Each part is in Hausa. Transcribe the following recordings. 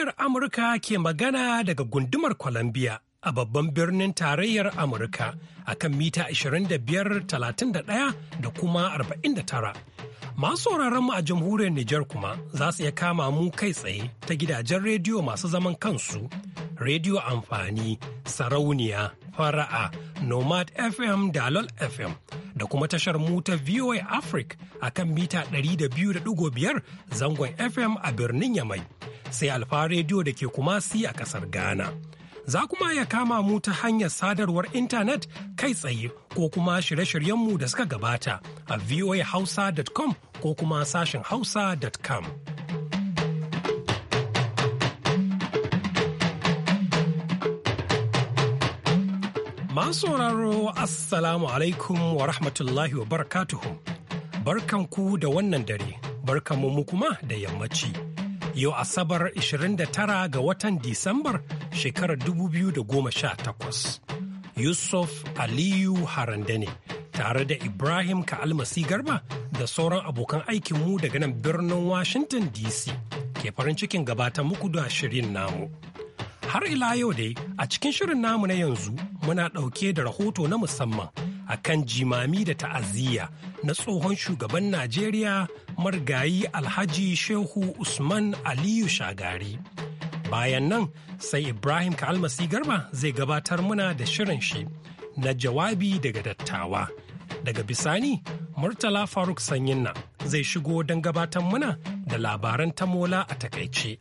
muryar Amurka ke magana daga gundumar Columbia a babban birnin tarayyar Amurka a kan mita 25, 31 da kuma 49. Masu sauraron mu a jamhuriyar Nijar kuma za su iya kama mu kai tsaye ta gidajen rediyo masu zaman kansu, rediyo amfani, sarauniya, fara'a, nomad FM da lol FM da kuma tashar mu ta VOA Africa a kan mita 200.5 zangon FM a birnin Yamai, sai alfa rediyo da ke kuma si a kasar Ghana. za kuma ya kama mu ta hanyar sadarwar intanet kai tsaye ko kuma shirye-shiryenmu da suka gabata a voahausa.com ko kuma sashen hausa.com. Masu sauraro Assalamu alaikum wa rahmatullahi wa barakatuhu. Barkanku da wannan dare, barkanmu mu kuma da yammaci. Yau Asabar 29 ga watan Disambar shekarar 2018 yusuf aliyu harande ne tare da ibrahim ka'almasi garba da sauran abokan aikinmu daga nan birnin washington dc ke farin cikin gabata muku da shirin namu har ila yau dai a cikin shirin namu na yanzu muna ɗauke da rahoto na musamman a kan jimami da ta'aziyya na tsohon shugaban Najeriya marigayi Alhaji Shehu Usman Aliyu Shagari Bayan nan sai Ibrahim Kalmasi Garba zai gabatar muna da shirin shi na jawabi daga dattawa. Daga bisani, Murtala Faruk Sanyinna zai shigo don gabatar muna da labaran tamola a takaice.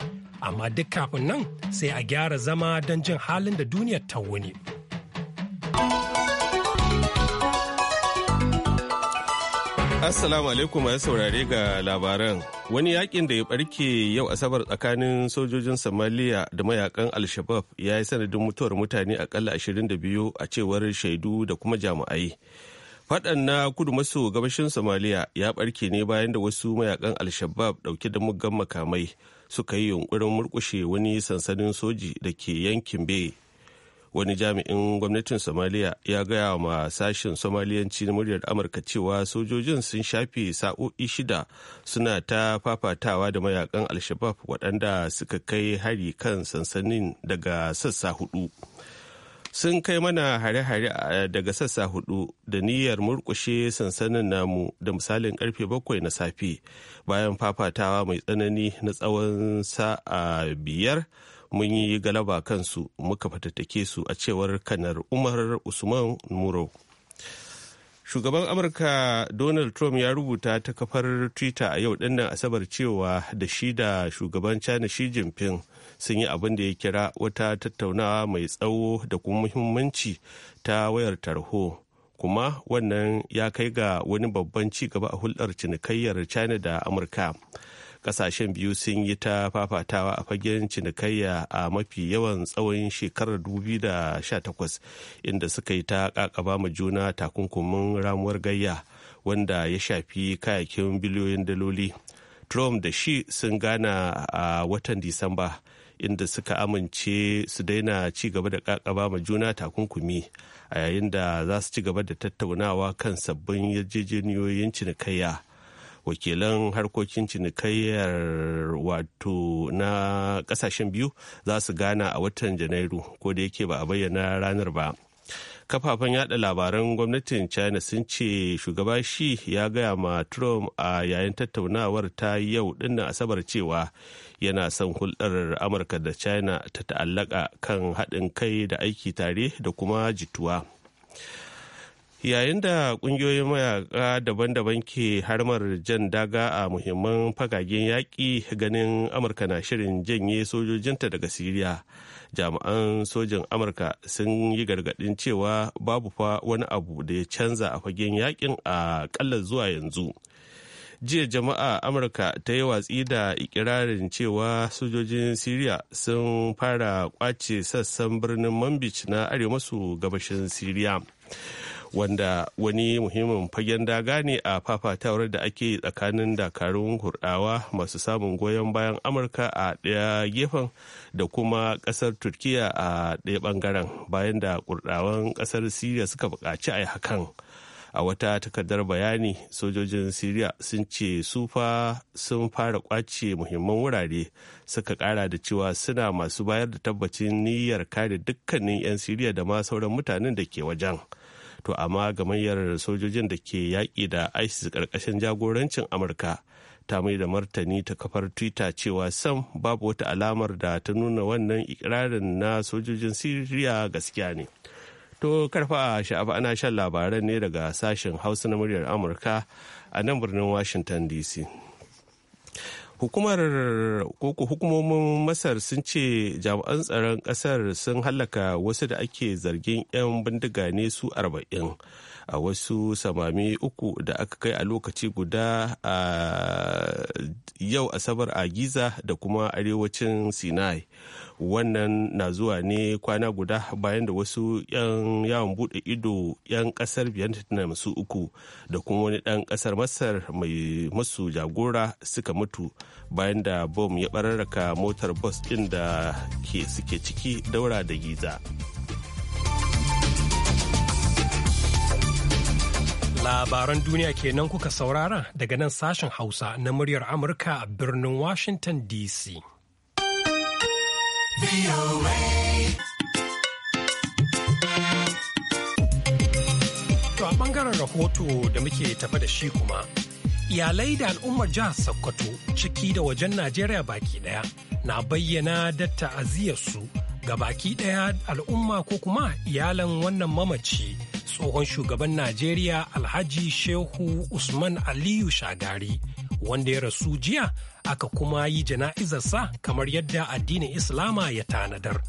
Amma duk kafin nan sai a gyara zama don jin halin da duniyar ta wuni. Assalamu alaikum ya saurare ga labaran. wani yakin da ya barke yau asabar tsakanin sojojin Somalia da mayakan al Shabaab ya yi sanadin mutuwar mutane akalla 22 a cewar shaidu da kuma jami'ai faɗan na kudu maso gabashin somaliya ya barke ne bayan da wasu mayakan al Shabaab ɗauke da muggan makamai suka yi yunkurin murkushe wani sansanin soji da ke yankin bay wani jami'in gwamnatin somaliya ya gaya wa sashen somaliyanci na muryar amurka cewa sojojin sun shafe sa'o'i shida suna ta fafatawa da mayakan alshabab waɗanda suka kai hari kan sansanin daga sassa hudu sun kai mana hare-hare eh, daga sassa hudu da niyyar murkushe sansanin namu da misalin karfe bakwai na safe bayan fafatawa mai tsanani na tsawon sa'a biyar mun yi galaba kansu muka fatattake su a cewar kanar umar usman muro shugaban amurka donald trump ya rubuta ta kafar twitter a yau dinnan asabar cewa da shi da shugaban china xi jinping sun yi abin da ya kira wata tattaunawa mai tsawo da kuma muhimmanci ta wayar tarho kuma wannan ya kai ga wani babban ci gaba a hulɗar cinikayyar china da amurka kasashen biyu sun yi ta fafatawa a fagen cinikayya a mafi yawan tsawon shekarar 2018 inda suka yi ta kakaba ma juna takunkumin ramuwar gayya wanda ya shafi kayakin biliyoyin daloli trump da shi sun gana a watan disamba inda suka amince su daina ci gaba da kakaba ma juna takunkumi a yayin da za su ci gaba da tattaunawa kan sabbin yarjejeniyoyin cinikayya wakilan harkokin cinikayyar wato na kasashen biyu za su gana a watan janairu ko da yake ba a bayyana ranar ba kafafen yada labaran gwamnatin china sun ce shugaba shi ya gaya ma trump a yayin tattaunawar ta yau dinnan asabar cewa yana son hulɗar amurka da china ta ta'allaka kan haɗin kai da aiki tare da kuma jituwa yayin da kungiyoyin mayaka daban-daban ke harmar jan daga a muhimman fagagen yaƙi ganin amurka na shirin janye sojojinta daga siriya jami'an sojin amurka sun yi gargaɗin cewa babu fa wani abu da ya canza a fagen yakin a ƙalla zuwa yanzu jiya jama'a amurka ta yi watsi da ikirarin cewa sojojin siriya sun fara kwace sassan birnin manbij na arewa maso gabashin siriya wanda wani muhimmin fagen daga ne a fafatawar da ake tsakanin dakarun hurdawa masu samun goyon bayan amurka a ɗaya gefen da kuma ƙasar turkiya a ɗaya ɓangaren bayan da kurdawan ƙasar siriya suka buƙaci a yi hakan a wata takardar bayani sojojin siriya sun ce su fa sun fara kwace muhimman wurare suka kara da cewa suna masu bayar da tabbacin niyyar kare dukkanin 'yan siriya da ma sauran mutanen da ke wajen to amma gamayyar sojojin da ke yaƙi da isis ƙarƙashin jagorancin amurka ta mai da martani ta kafar twitter cewa sam babu wata alamar da ta nuna wannan ikirarin na sojojin siriya gaskiya ne to karfa sha'aba ana shan labaran ne daga sashen hausa na muryar amurka a nan birnin washington dc hukumar koko hukumomin masar sun ce jami'an tsaron kasar sun hallaka wasu da ake zargin 'yan bindiga ne su arba'in a wasu samami uku da aka kai a lokaci guda a yau asabar a giza da kuma arewacin sinai wannan na zuwa ne kwana guda bayan da wasu 'yan yawon bude ido 'yan kasar vietnam masu uku da kuma wani dan kasar masar mai masu jagora suka mutu bayan da bom ya bararraka motar bus ɗin da ke suke ciki daura da giza labaran duniya kenan kuka saurara daga nan sashen hausa na muryar amurka a birnin washington dc To a ɓangaren rahoto da muke tafa da shi kuma, iyalai da al'ummar jihar Sokoto ciki da wajen Najeriya baki ɗaya na bayyana da su ga baki ɗaya al'umma ko kuma iyalan wannan mamaci tsohon shugaban Najeriya Alhaji Shehu Usman Aliyu Shagari. wanda ya rasu jiya aka kuma yi sa kamar yadda addinin Islama ya tanadar.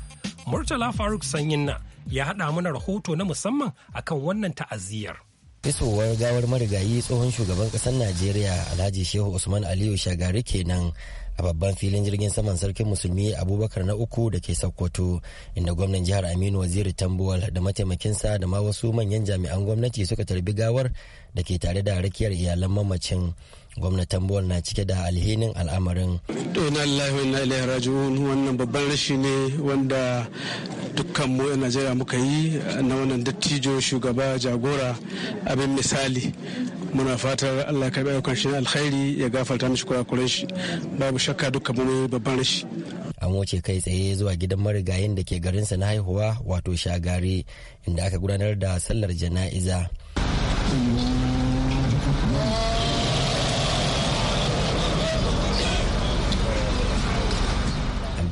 Murtala Faruk Sanyinna ya haɗa mana rahoto na musamman akan wannan ta'aziyar. isowar gawar marigayi tsohon shugaban ƙasar Najeriya Alhaji Shehu Usman Aliyu Shagari kenan a babban filin jirgin saman sarkin musulmi abubakar na uku da ke sokoto inda gwamnan jihar aminu waziri tambuwal da mataimakinsa da ma wasu manyan jami'an gwamnati suka tarbi gawar da ke tare da rakiyar iyalan mamacin gwamnatin buwan na cike da alhinin al'amarin dona allah wa ilaihi raji'un wannan babban rashi ne wanda dukkan mu najeriya muka yi na wannan dattijo shugaba jagora abin misali muna fatar allah ka bi ayyukan shi alkhairi ya gafarta mishi kurakuran shi babu shakka dukkan mu babban rashi an wuce kai tsaye zuwa gidan marigayin da ke garinsa na haihuwa wato shagari inda aka gudanar da sallar jana'iza.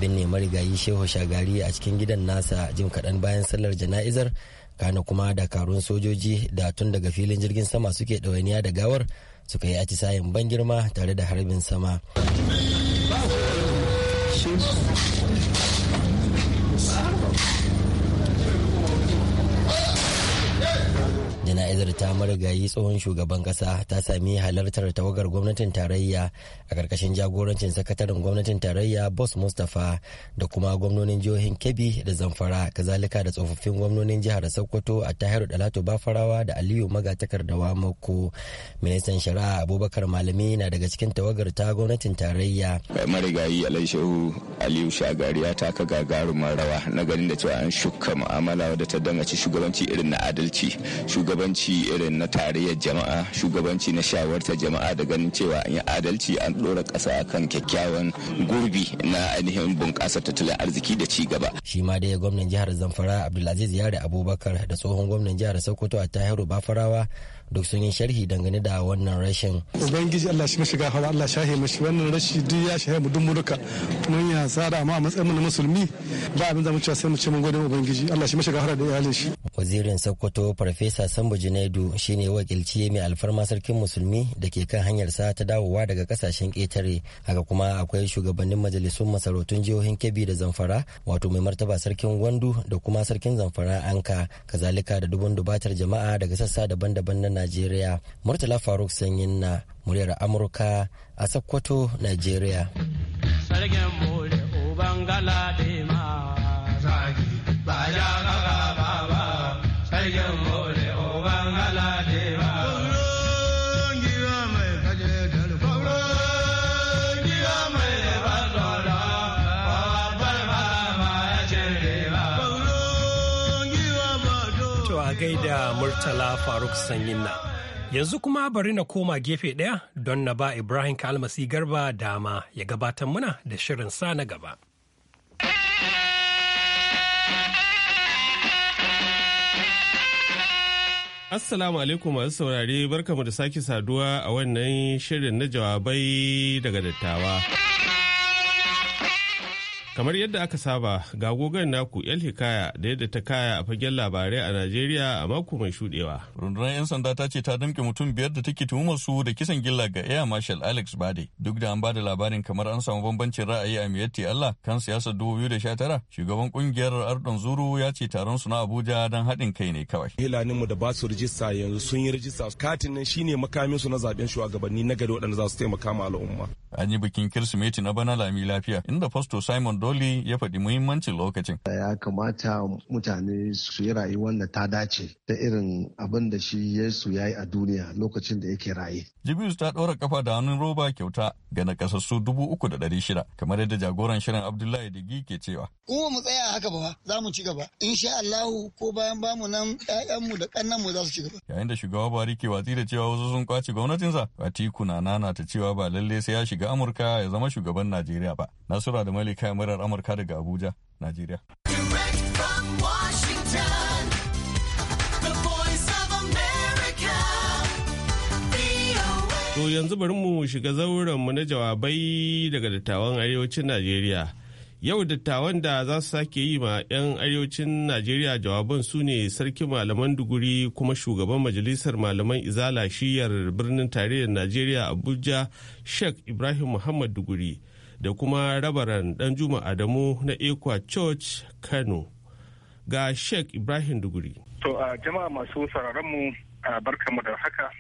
binne marigayi shehu shagari a cikin gidan nasa jim kaɗan bayan sallar jana'izar kana kuma dakarun sojoji da tun daga filin jirgin sama suke ɗawainiya da gawar suka yi atisayen ban girma tare da harbin sama jana'izar ta marigayi tsohon shugaban kasa ta sami halartar tawagar gwamnatin tarayya a ƙarƙashin jagorancin sakataren gwamnatin tarayya boss mustapha da kuma gwamnonin jihohin kebbi da zamfara kazalika da tsofaffin gwamnonin jihar sokoto a tahiru dalatu bafarawa da aliyu magatakardawa wamako ministan shari'a abubakar malami na daga cikin tawagar ta gwamnatin tarayya marigayi alaishehu aliyu shagari ya taka gagarumar rawa na ganin da cewa an shuka mu'amala wadda ta dangaci shugabanci irin na adalci shugaban shugabanci irin na tarayyar jama'a shugabanci na shawarta jama'a da ganin cewa an yi adalci an ɗora kasa kan kyakkyawan gurbi na ainihin bunƙasa tattalin arziki da ci gaba. shi ma dai gwamnan jihar zamfara abdulaziz yare abubakar da tsohon gwamnan jihar sokoto a tahiru bafarawa duk sun yi sharhi dangane da wannan rashin. Ubangiji Allah shi shiga hawa Allah shahe mashi wannan rashi duk ya shahe mu duk mu duka mun ya sada amma a matsayin na musulmi ba abin zamu cewa sai mu ce mun gode Ubangiji Allah shi shiga hawa da iyalin shi. Wazirin Sokoto Farfesa Sambo Junaidu shine wakilci mai alfarma sarkin musulmi da ke kan hanyar sa ta dawowa daga kasashen ƙetare haka kuma akwai shugabannin majalisun masarautun jihohin Kebbi da Zamfara wato mai martaba sarkin Gwandu da kuma sarkin Zamfara Anka kazalika da dubun dubatar jama'a daga sassa daban-daban na Najeriya. Murtala Faruk Sanyin na muryar Amurka a Sokoto, Najeriya. Sarkin mole ubangala gala ma ba ya ba ba Murtala Faruk Sanyinna. Yanzu kuma bari na koma gefe ɗaya don na ba Ibrahim Kalmasi Garba dama ya gabatar muna da shirin sa na gaba. Assalamu alaikum masu saurare barkamu da sake saduwa a wannan shirin na jawabai daga dattawa. kamar yadda aka saba ga gogon naku yan hikaya da yadda ta kaya a fagen labarai a najeriya a mako mai shudewa rundunar yan sanda ta ce ta damke mutum biyar da take tuhumar su da kisan gilla ga air marshal alex bade duk da an bada labarin kamar an samu bambancin ra'ayi a miyatti allah kan siyasar da sha tara shugaban kungiyar ardon zuru ya ce taron su na abuja don haɗin kai ne kawai hilanin mu da ba su rijista yanzu sun yi rijista katin nan shine makamin su na zaben shugabanni na gari waɗanda za su taimaka ma al'umma an yi bikin kirsimeti na bana lami lafiya inda fasto simon Doli ya faɗi muhimmancin lokacin. Ya kamata mutane su yi rayuwar da ta dace ta irin abin da shi Yesu ya yi a duniya lokacin da yake raye. Jibius ta ɗora kafa da hannun roba kyauta ga nakasassu dubu uku da ɗari shida kamar yadda jagoran shirin Abdullahi Digi ke cewa. In mu tsaya haka ba za mu ci gaba. Insha Allahu ko bayan bamu nan ƴaƴanmu da ƙannanmu za su ci gaba. Yayin da shugaba Buhari ke watsi da cewa wasu sun kwace gwamnatinsa, Atiku na nana ta cewa ba lallai sai ya shiga Amurka ya zama shugaban Najeriya ba. Nasura da Malika mura murar Amurka daga Abuja, Najeriya. To yanzu bari mu shiga zaurenmu na jawabai daga dattawan arewacin Najeriya. Yau dattawan da za su sake yi ma 'yan arewacin Najeriya jawaban su ne sarki malaman duguri kuma shugaban majalisar malaman izala shiyar birnin tarayyar Najeriya Abuja Sheikh Ibrahim Muhammad duguri da kuma rabaran dan juma adamu na ekwa church kano ga sheikh ibrahim duguri to a jama'a masu sararinmu a mu da haka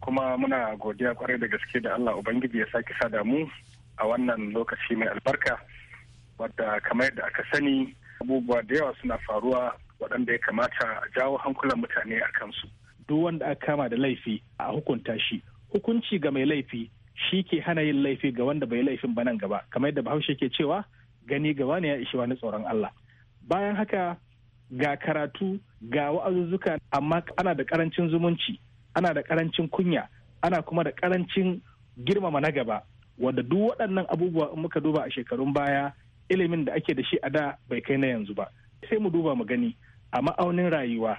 kuma muna godiya kwarai da gaske da allah ubangiji ya sake sada mu a wannan lokaci mai albarka wadda kamar yadda aka sani abubuwa da yawa suna faruwa waɗanda ya kamata a jawo hankulan mutane a kansu duk wanda aka kama da laifi a hukunta shi hukunci ga mai laifi shi ke hana yin laifi ga wanda bai laifin ba nan gaba kamar yadda bahaushe ke cewa gani gaba ne ya ishi wani tsoron Allah bayan haka ga karatu ga wa'azuzzuka amma ana da karancin zumunci ana da karancin kunya ana kuma da karancin girmama na gaba wanda duk waɗannan abubuwa in muka duba a shekarun baya ilimin da ake da shi a da bai kai na yanzu ba sai mu duba mu gani a ma'aunin rayuwa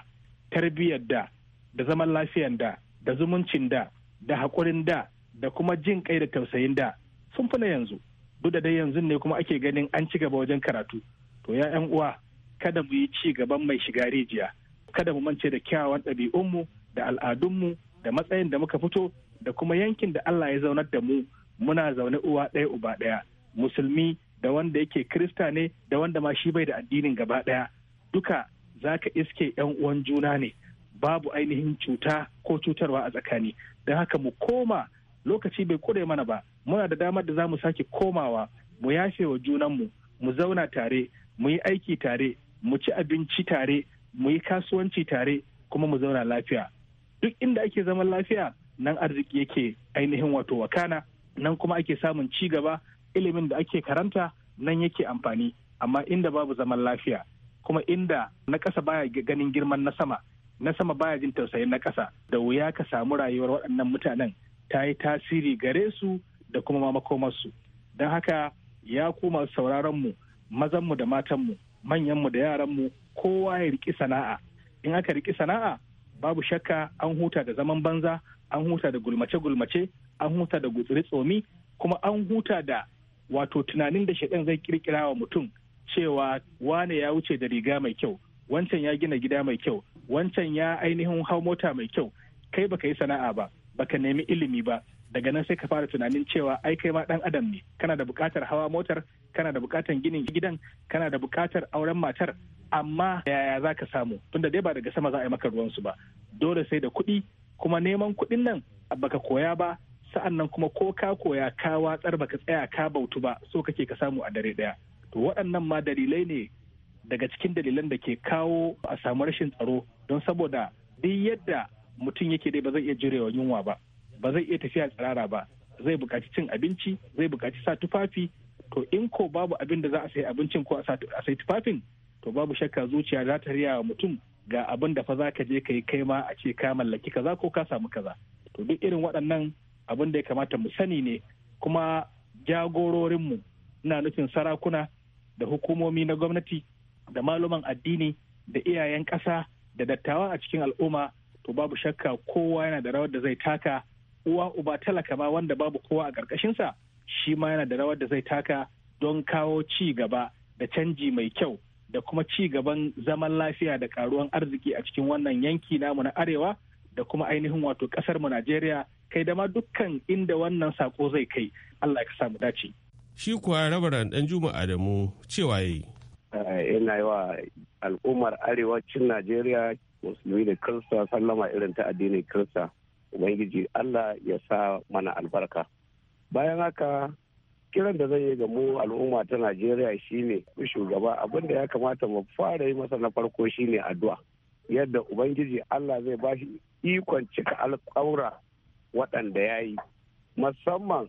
tarbiyyar da da zaman lafiyar da da zumuncin da da haƙurin da da kuma jin kai da tausayin da sun fi na yanzu duk da dai yanzu ne kuma ake ganin an ci gaba wajen karatu to ya yan uwa kada mu yi ci gaban mai shiga rijiya kada mu mance da kyawawan ɗabi'unmu da al'adunmu da matsayin da muka fito da kuma yankin da Allah ya zaunar da mu muna zaune uwa ɗaya uba ɗaya musulmi da wanda yake krista ne da wanda ma shi bai da addinin gaba ɗaya duka za ka iske yan uwan juna ne babu ainihin cuta ko cutarwa a tsakani don haka mu koma lokaci bai kure mana ba muna da damar da za mu sake komawa mu yafe wa junanmu mu zauna tare mu yi aiki tare mu ci abinci tare mu yi kasuwanci tare kuma mu zauna lafiya duk inda ake zaman lafiya nan arziki yake ainihin wato wakana nan kuma ake samun ci gaba ilimin da ake karanta nan yake amfani amma inda babu zaman lafiya kuma inda na ƙasa baya ganin girman na sama na sama baya jin tausayin na ƙasa da wuya ka samu rayuwar waɗannan mutanen ta yi tasiri gare su da kuma makomarsu don haka ya kuma sauraronmu mazanmu da matanmu manyanmu da yaranmu kowa ya riki sana'a in aka riki sana'a babu shakka an huta da zaman banza an huta da gulmace-gulmace an huta da gutsuri tsomi kuma an huta da wato tunanin da shaɗan zai kirkira wa mutum cewa wane ya wuce da riga mai kyau wancan ya gina gida mai kyau wancan ya ainihin hau mota mai kyau kai baka yi sana'a ba baka nemi ilimi ba daga nan sai ka fara tunanin cewa ai kai ma dan adam ne kana da bukatar hawa motar kana da bukatar ginin gidan kana da bukatar auren matar amma yaya za ka samu tunda dai ba daga sama za a yi maka ruwansu ba dole sai da kuɗi kuma neman kuɗin nan baka koya ba sa'an nan kuma ko ka koya ka watsar baka tsaya ka bautu ba so kake ka samu a dare ɗaya to waɗannan ma dalilai ne daga cikin dalilan da ke kawo a samu rashin tsaro don saboda duk yadda mutum yake dai ba zai iya jirewa yunwa ba ba zai iya tafiya tsirara ba zai bukaci cin abinci zai bukaci sa tufafi to in ko babu abin da za a sayi abincin ko a sayi tufafin to babu shakka zuciya za ta riya mutum ga abin da fa za ka je ka yi kai ma a ce ka mallaki kaza ko ka samu kaza to duk irin waɗannan abin da ya kamata mu sani ne kuma jagororinmu na nufin sarakuna da hukumomi na gwamnati da malaman addini da iyayen ƙasa da dattawa a cikin al'umma to babu shakka kowa yana da rawar da zai taka uwa uba talaka ba wanda babu kowa a ƙarƙashinsa shi ma yana da rawar da zai taka don kawo ci gaba da canji mai kyau da kuma ci gaban zaman lafiya da karuwan arziki a cikin wannan yanki namu na arewa da kuma ainihin wato kasar mu Najeriya kai da ma dukkan inda wannan sako zai kai Allah ya samu dace shi kuwa rabaran dan Juma Adamu cewa yi ina eh, yi wa al'ummar arewacin Najeriya musulmi da kirista sallama irin ta addinin kirista ubangiji allah ya sa mana albarka bayan haka kiran da zai yi ga mu al'umma ta najeriya shine shugaba abin da ya kamata mu fara yi masa na farko shine addu'a yadda ubangiji allah zai ba shi ikon cika alƙawura waɗanda ya yi musamman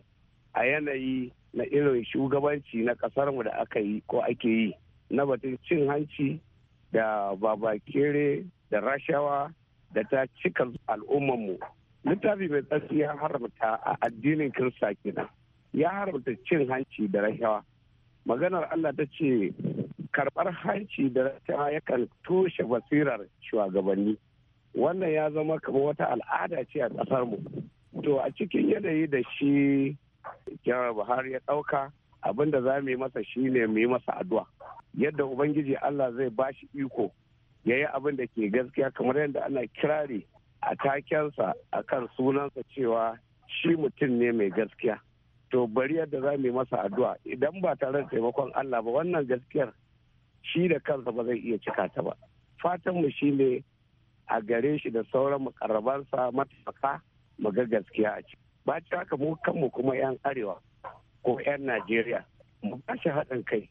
a yanayi na irin shugabanci na mu da aka yi ko ake yi na batun cin hanci da babakere da rashawa da ta cika al'ummanmu littafi mai tsarki ya haramta a addinin kirista kenan ya haramta cin hanci da rashawa maganar allah ta ce karɓar hanci da rashawa yakan toshe basirar shugabanni wannan ya zama kamar wata al'ada ce a mu. to a cikin yanayi da shi jihar buhari ya ɗauka abin da za mu yi masa shi ne mu yi masa addu'a yadda ubangiji allah zai ba shi iko ya yi abin da ke gaskiya kamar yadda ana kirari a takensa a kan sunansa cewa shi mutum ne mai gaskiya to bari yadda za mu yi masa addu'a idan ba tare da taimakon allah ba wannan gaskiyar shi da kansa ba zai iya cika ta ba fatanmu shi ne a gare shi da sauran makarabansa matafaka ga gaskiya a ciki ba ci haka mu kanmu kuma 'yan arewa ko 'yan najeriya mu ba shi haɗin kai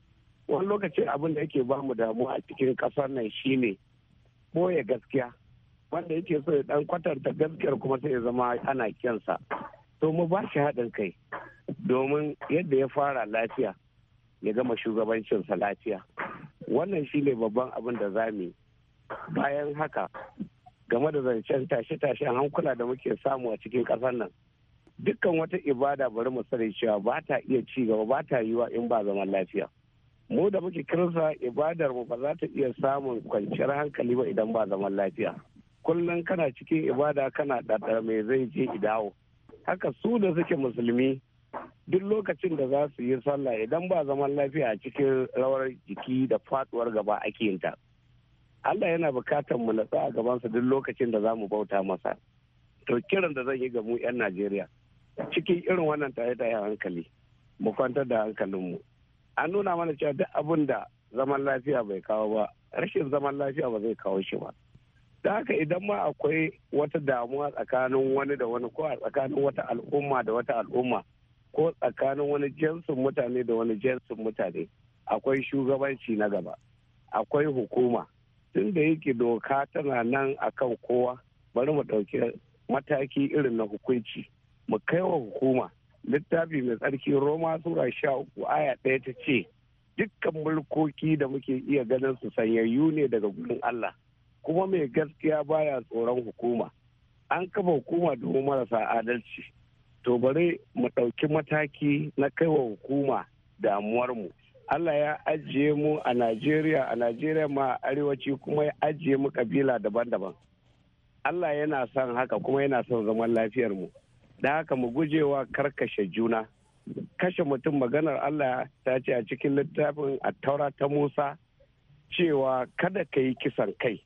wani lokacin abin da yake ba mu damuwa a cikin kasar nan shine boye gaskiya wanda yake so ya dan kwatanta gaskiyar kuma sai ya zama ana kyansa, to mu ba shi haɗin kai domin yadda ya fara lafiya ya gama shugabancinsa lafiya wannan shine babban abin da za mu bayan haka game da zancen tashe-tashen hankula da muke samu a cikin ƙasar nan dukkan wata ibada bari mu sani cewa ba ta iya ci gaba ba ta yiwa in ba zaman lafiya mu da muke kirsa ibadar mu ba za ta iya samun kwanciyar hankali ba idan ba zaman lafiya kullum kana cikin ibada kana ɗaɗar mai zai je idawo haka su da suke musulmi duk lokacin da za su yi sallah idan ba zaman lafiya a cikin rawar jiki da faduwar gaba ake yin ta Allah yana bukatar mu natsa a gabansa duk lokacin da za mu bauta masa to kiran da zan yi ga mu 'yan Najeriya cikin irin wannan tare da hankali mu kwantar da hankalinmu an nuna mana cewa duk abin da zaman lafiya bai kawo ba rashin zaman lafiya ba zai kawo shi ba da haka idan ma akwai wata damuwa tsakanin wani da wani ko a tsakanin wata al'umma da wata al'umma ko tsakanin wani jinsin mutane da wani jinsin mutane akwai shugabanci na gaba akwai hukuma tun da yake doka tana nan akan kowa bari mu ɗauki mataki irin na hukunci mu kai wa hukuma littafi mai tsarki roma sura sha uku aya ɗaya ta ce dukkan mulkoki da muke iya ganin su sanyayyu ne daga gudun allah kuma mai gaskiya baya tsoron hukuma an kafa hukuma domin marasa adalci to bari mu ɗauki mataki na kaiwa hukuma damuwar mu. allah ya ajiye mu a najeriya a najeriya ma arewaci kuma ya ajiye mu kabila daban-daban allah yana son haka kuma yana son zaman lafiyar mu. da haka mu gujewa karkashe juna kashe mutum maganar allah ta ce a cikin littafin attaura ta musa cewa kada ka yi kisan kai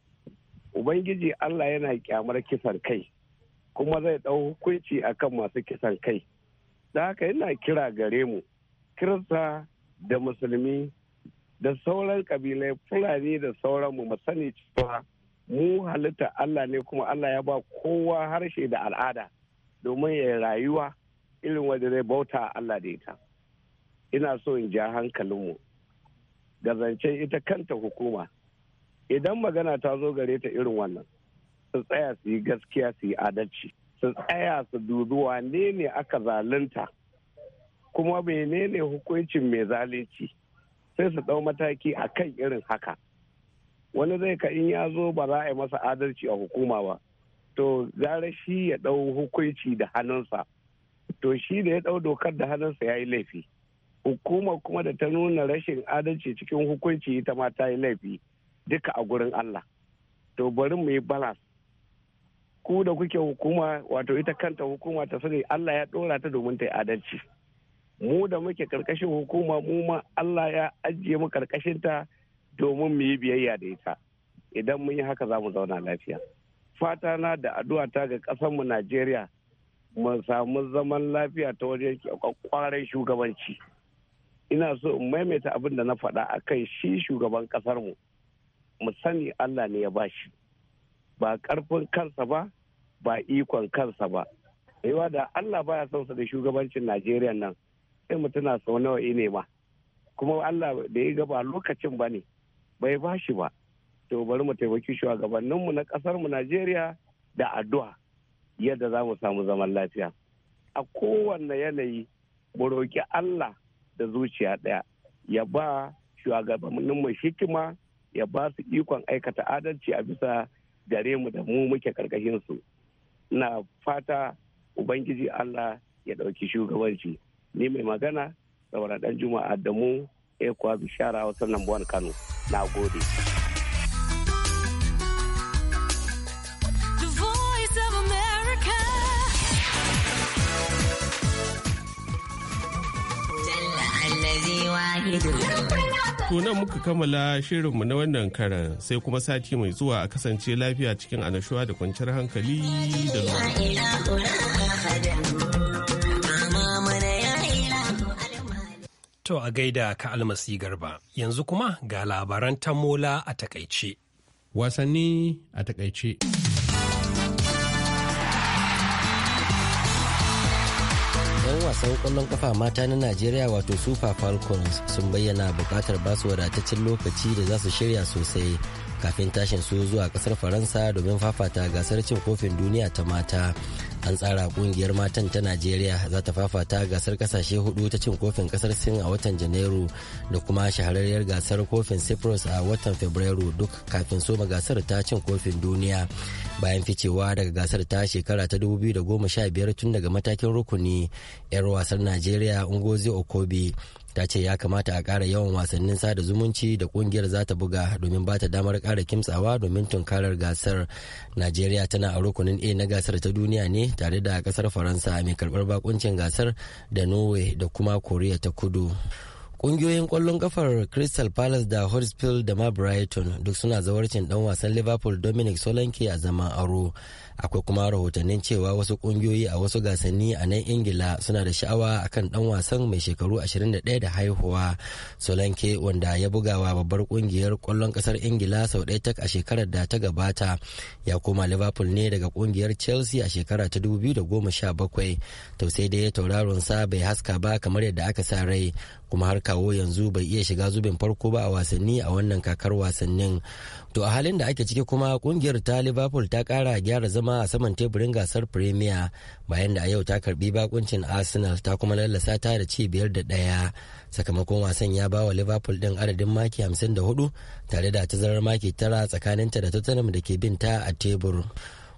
ubangiji allah yana kyamar kisan kai kuma zai ɗau hukunci akan masu kisan kai da haka yana kira gare mu kirista da musulmi da sauran kabilai fulani da sauran mu sani cewa mu halitta allah ne kuma allah ya ba kowa harshe da al'ada domin ya rayuwa irin wanda zai bauta Allah da ita ina so in ja hankalinmu ga zancen ita kanta hukuma idan magana ta zo gare ta irin wannan su tsaya su yi gaskiya su yi adalci su tsaya su dubi wane ne aka zalunta kuma menene hukuncin mai zalunci sai su ɗau mataki a kan irin haka wani zai ka in ya zo ba za a yi masa adalci a hukuma ba to zara shi ya ɗau hukunci da hannunsa to shi da ya ɗau dokar da hannunsa ya yi laifi hukuma kuma da ta nuna rashin adalci cikin hukunci ita ma ta yi laifi duka a gurin Allah to bari mu yi balas ku da kuke hukuma wato ita kanta hukuma ta sani Allah ya ɗora ta domin ta yi adalci mu da muke karkashin hukuma mu ma Allah ya ajiye mu karkashinta domin mu yi biyayya da ita idan mun yi haka za mu zauna lafiya fata na da addu'a ta ga ƙasarmu najeriya mu samu zaman lafiya ta wajen kwakwaran shugabanci ina so in maimaita abin da na faɗa akan shi shugaban ƙasarmu mu sani allah ne ya bashi ba ƙarfin kansa ba ba ikon kansa ba yawa da allah baya son sa da shugabancin najeriya nan sai mu tuna sau nawa ne ma kuma allah da ya ba lokacin ba ne bai bashi ba to bari mu taimaki shugabanninmu na ƙasarmu najeriya da addu'a yadda za mu samu zaman lafiya a kowanne yanayi mu roƙi allah da zuciya ɗaya ya ba shugabanninmu hikima ya ba su ikon aikata adalci a bisa gare mu da mu muke su na fata ubangiji allah ya ɗauki shugabanci ni mai magana saboda ɗan juma'a da mu ekwa bishara wasan lambuwan kano na gode. To nan muka kammala shirinmu na wannan karan sai kuma sati mai zuwa a kasance lafiya cikin anashuwa da kwanciyar hankali da To a gaida ka almasi garba yanzu kuma ga labaran tamola a takaice. Wasanni a takaice. wasan kwallon kafa mata na Najeriya wato Super Falcons sun bayyana bukatar basu wadataccen lokaci da za su shirya sosai kafin tashin su zuwa kasar Faransa domin fafata gasar cin kofin duniya ta mata. an tsara kungiyar matan ta najeriya za ta fafata gasar kasashe hudu ta cin kofin kasar sin a watan janairu da kuma shahararriyar gasar kofin cyprus a watan fabrairu duk kafin soma gasar ta cin kofin duniya bayan ficewa daga gasar ta shekara ta 2015 tun daga matakin rukuni 'yar wasar najeriya ungozi okobi ta ce ya kamata a ƙara yawan wasannin sada zumunci da ƙungiyar za ta buga domin ba ta damar ƙara kimtsawa domin tunkarar gasar najeriya tana a rukunin a na gasar ta duniya ne tare da ƙasar faransa mai karɓar bakuncin gasar da norway da kuma koriya ta kudu ƙungiyoyin ƙwallon kafar crystal palace da huddersfield da ma brighton duk suna zawarcin dan wasan liverpool dominic solanke a zaman aro akwai kuma rahotannin cewa wasu kungiyoyi a wasu gasanni a nan ingila suna da sha'awa a kan dan wasan mai shekaru 21 da haihuwa solanke wanda ya bugawa babbar kungiyar kwallon kasar ingila sau ɗaya tak a shekarar da ta gabata ya koma liverpool ne daga kungiyar chelsea a shekara ta 2017 to sai dai tauraron sa bai haska ba kamar yadda aka sa rai kuma har kawo yanzu bai iya shiga zubin farko ba a wasanni a wannan kakar wasannin To a halin da ake ciki kuma kungiyar ta Liverpool ta kara gyara zama a saman teburin gasar Premier bayan da a yau ta karbi bakuncin Arsenal ta kuma lallasa ta da ci biyar da ɗaya. Sakamakon wasan ya bawa Liverpool din adadin maki hamsin da hudu, tare da tazarar maki tara tsakaninta da Tottenham da ke bin ta a tebur.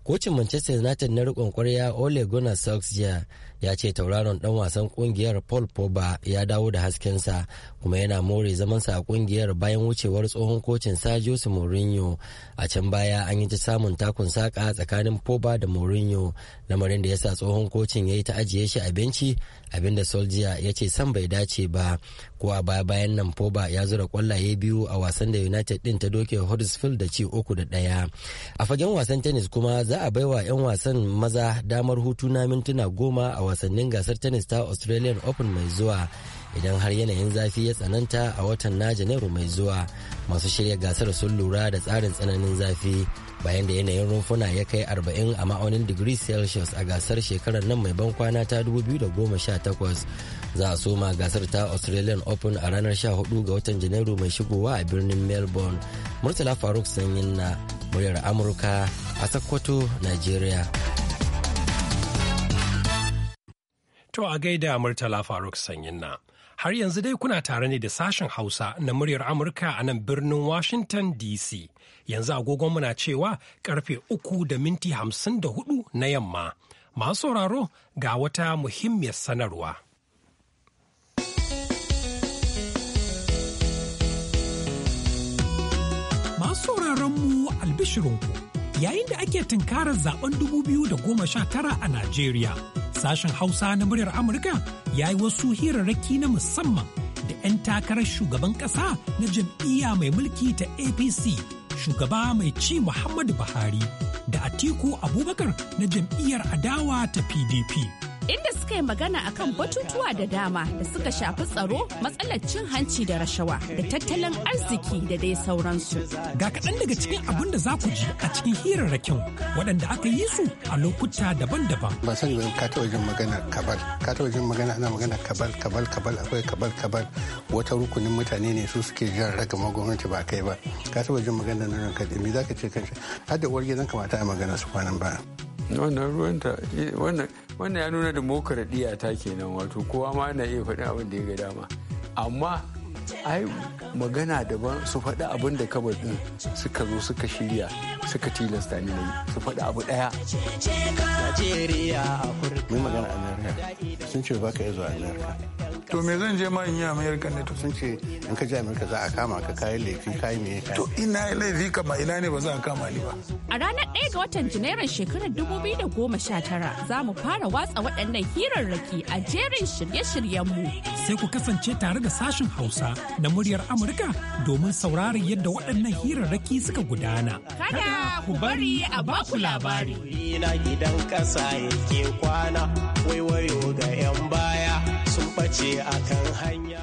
Kocin Manchester United na riƙon kwarya Ole Gunnar Solskjaer ya ce tauraron dan wasan kungiyar paul poba ya dawo da haskensa kuma yana more zamansa a kungiyar bayan wucewar tsohon kocin sa jose mourinho a can baya an yi ta samun takun saka tsakanin poba da morinyo lamarin da ya sa tsohon kocin ya yi ta ajiye shi a benci abinda soldier ya ce san bai dace ba ko a baya bayan nan poba ya zura kwallaye biyu a wasan da united din ta doke huddersfield da ci uku da daya a fagen wasan tennis kuma za a baiwa 'yan wasan maza damar hutu na mintuna goma a wasannin gasar tennis ta australian open mai zuwa idan har yanayin zafi ya tsananta a watan na janairu mai zuwa masu shirya gasar sun lura da tsarin tsananin zafi bayan da yanayin rumfuna ya kai 40 a ma'aunin digiri celsius a gasar shekarar nan mai ban kwana ta 2018 za a soma gasar ta australian open a ranar 14 ga watan janairu mai shigowa a birnin melbourne murtala faruk sanyin na muryar amurka a Sakkwato nigeria To a gaida Murtala Faruk Sanyin na. Har yanzu dai kuna tare ne da sashen Hausa na muryar Amurka a nan birnin Washington DC. Yanzu agogon muna cewa karfe uku da minti hamsin da hudu na yamma. Masu sauraro ga wata muhimmiyar sanarwa. Masu mu albishirinku. yayin da ake tunkarar zaben 2019 a Najeriya. Sashen Hausa na muryar Amurka ya yi wasu hirarraki na musamman da 'yan takarar shugaban ƙasa na jam'iyya mai mulki ta APC, shugaba mai ci Muhammadu Buhari da Atiku Abubakar na jam'iyyar adawa ta PDP. inda suka yi magana akan batutuwa da dama da suka shafi tsaro matsalar cin hanci da rashawa da tattalin arziki da dai sauransu. Ga kaɗan daga cikin abin da za ku ji a cikin hirarrakin waɗanda aka yi su a lokuta daban-daban. Ba san yi ka taɓa jin magana kabal, ka taɓa jin magana ana magana kabal kabal kabal akwai kabal kabal wata rukunin mutane ne su suke jan ragama gwamnati ba kai ba. Ka taɓa jin magana na ranka me za ka ce kanshi shi har da uwar gidan kamata a magana su kwanan ba. wannan ruwanta wannan ya nuna demokaradiyya ta kenan wato kowa ma na iya faɗin abin da ya ga dama amma ai magana daban su faɗi abin da kabar ɗin suka zo suka shirya suka tilasta ni yi su faɗi abu ɗaya. Najeriya a magana Amerika sun ce ba ka iya zuwa Amerika. to me zan je ma in yi amerika ne to sun ce in ka je amerika za a kama ka kayi laifi kayi me to ina laifi kama ina ne ba za a kama ni ba a ranar 1 ga watan janairun shekarar 2019 za mu fara watsa waɗannan hirarraki a jerin shirye-shiryenmu sai ku kasance tare da sashen hausa na muryar amurka domin sauraron yadda waɗannan hirarraki suka gudana kada ku bari a baku labari na gidan ƙasa yake kwana wayo ga 'yan baya ɓace a kan hanya.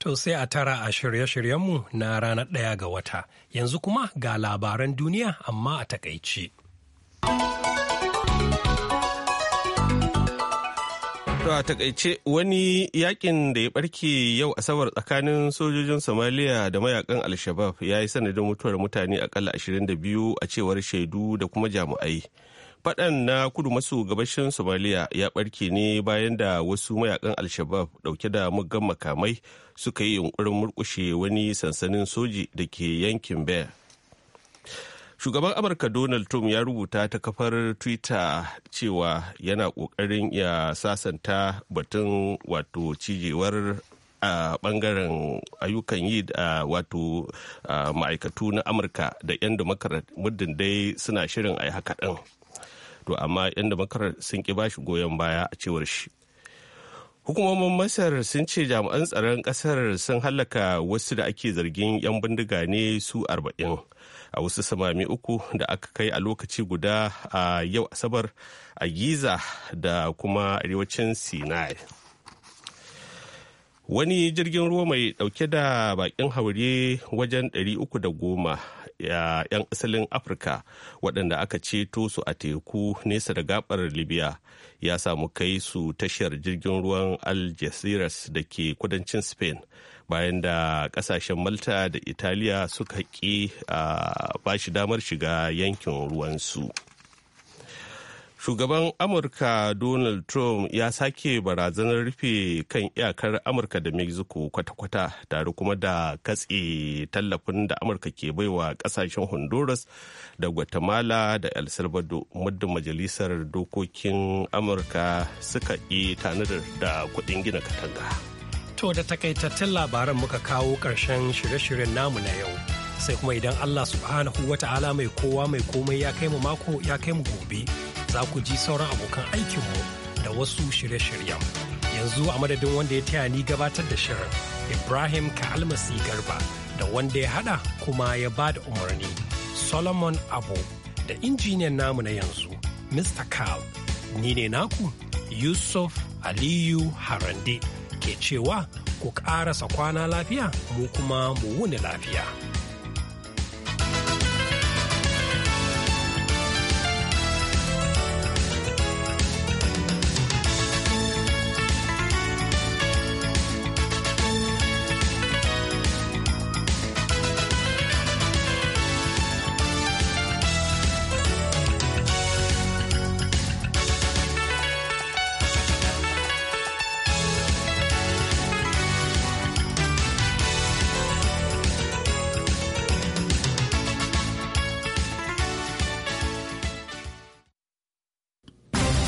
To sai a tara a shirye-shiryenmu na ranar ɗaya ga wata, yanzu kuma ga labaran duniya amma a takaici. To a takaice wani yakin da ya barke yau asabar tsakanin sojojin Somalia da mayakan Alshabab ya yi sanadin mutuwar mutane akalla 22 a cewar shaidu da kuma jami'ai. faɗan na kudu maso gabashin somaliya ya ɓarke ne bayan da wasu mayakan alshabab ɗauke da muggan makamai suka yi yunkurin murkushe wani sansanin soji da ke yankin bear shugaban amurka donald trump ya rubuta ta kafar twitter cewa yana ƙoƙarin ya sasanta batun wato cijewar a bangaren ayyukan yi a wato ma'aikatu na amurka da 'yan da muddin dai suna shirin a haka ɗin. to amma 'yan damakarar sun ki bashi goyon baya a cewar shi hukumomin masar sun ce jami'an tsaron kasar sun hallaka wasu da ake zargin 'yan bindiga ne su arba'in a wasu samami uku da aka kai a lokaci guda a yau asabar a giza da kuma arewacin sinai wani jirgin ruwa mai dauke da bakin haure wajen 310 'yan asalin afirka waɗanda aka ceto su a teku nesa da gabar libya ya samu kai su tashar jirgin ruwan algeciras da ke kudancin spain bayan da ƙasashen malta da italiya suka ƙi a ah, bashi damar shiga yankin ruwansu. su shugaban amurka donald trump ya sake barazanar rufe kan iyakar amurka da mexico kwata-kwata tare kuma da katse tallafin da amurka ke baiwa kasashen honduras da guatemala da el salvador muddin majalisar dokokin amurka suka yi tanadar da kudin gina katanga to da takaitattun labaran muka kawo karshen shirye-shiryen namu na yau sai kuma idan allah subhanahu wata'ala mai kowa mai komai ya kai mu mako ya kai mu gobe za ku ji sauran abokan aikinmu da wasu shirye-shiryen. Yanzu a madadin wanda ya taya ni gabatar da shirin Ibrahim Kalmasi Garba da wanda ya hada kuma ya ba da umarni Solomon Abu da injiniyan namu na yanzu Mr. Carl. Ni ne naku Yusuf Aliyu Harande ke cewa ku ƙarasa kwana lafiya mu kuma mu wuni lafiya.